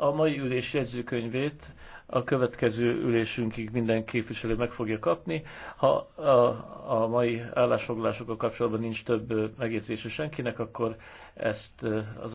A mai ülés jegyzőkönyvét a következő ülésünkig minden képviselő meg fogja kapni. Ha a, a mai állásfoglalásokkal kapcsolatban nincs több megjegyzése senkinek, akkor ezt az